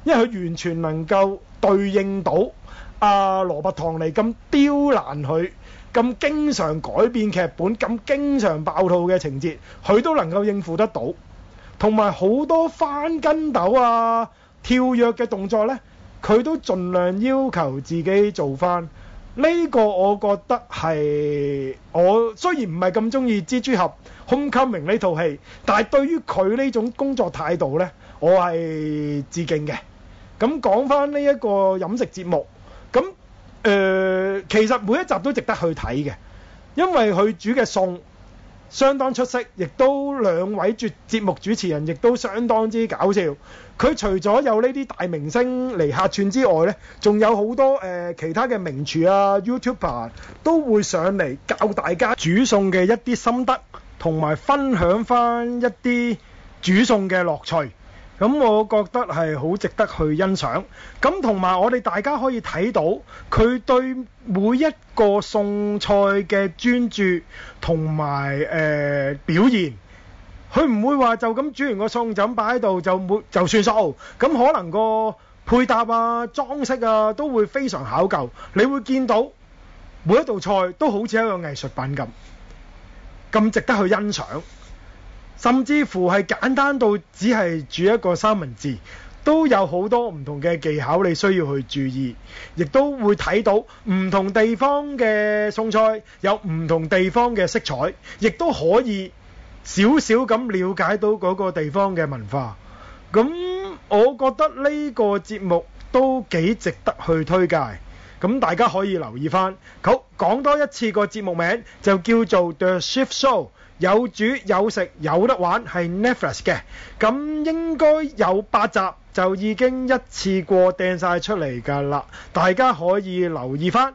Speaker 3: 因為佢完全能夠對應到阿、啊、羅拔唐尼咁刁難佢。咁經常改變劇本、咁經常爆肚嘅情節，佢都能夠應付得到。同埋好多翻筋斗啊、跳躍嘅動作呢，佢都盡量要求自己做翻。呢個我覺得係我雖然唔係咁中意蜘蛛俠、Homecoming 呢套戲，但係對於佢呢種工作態度呢，我係致敬嘅。咁講翻呢一個飲食節目。誒、呃，其實每一集都值得去睇嘅，因為佢煮嘅餸相當出色，亦都兩位主節目主持人亦都相當之搞笑。佢除咗有呢啲大明星嚟客串之外呢，呢仲有好多、呃、其他嘅名廚啊、YouTuber 都會上嚟教大家煮餸嘅一啲心得，同埋分享翻一啲煮餸嘅樂趣。咁我覺得係好值得去欣賞。咁同埋我哋大家可以睇到，佢對每一個餸菜嘅專注同埋、呃、表現，佢唔會話就咁煮完個餸就咁擺喺度就就，就算數。咁可能個配搭啊、裝飾啊都會非常考究。你會見到每一道菜都好似一個藝術品咁，咁值得去欣賞。甚至乎係簡單到只係煮一個三文治，都有好多唔同嘅技巧你需要去注意，亦都會睇到唔同地方嘅餸菜有唔同地方嘅色彩，亦都可以少少咁了解到嗰個地方嘅文化。咁我覺得呢個節目都幾值得去推介，咁大家可以留意返。好，講多一次個節目名就叫做 The Chef Show。有煮有食有得玩，係 Netflix 嘅，咁應該有八集就已經一次過掟晒出嚟㗎喇，大家可以留意返。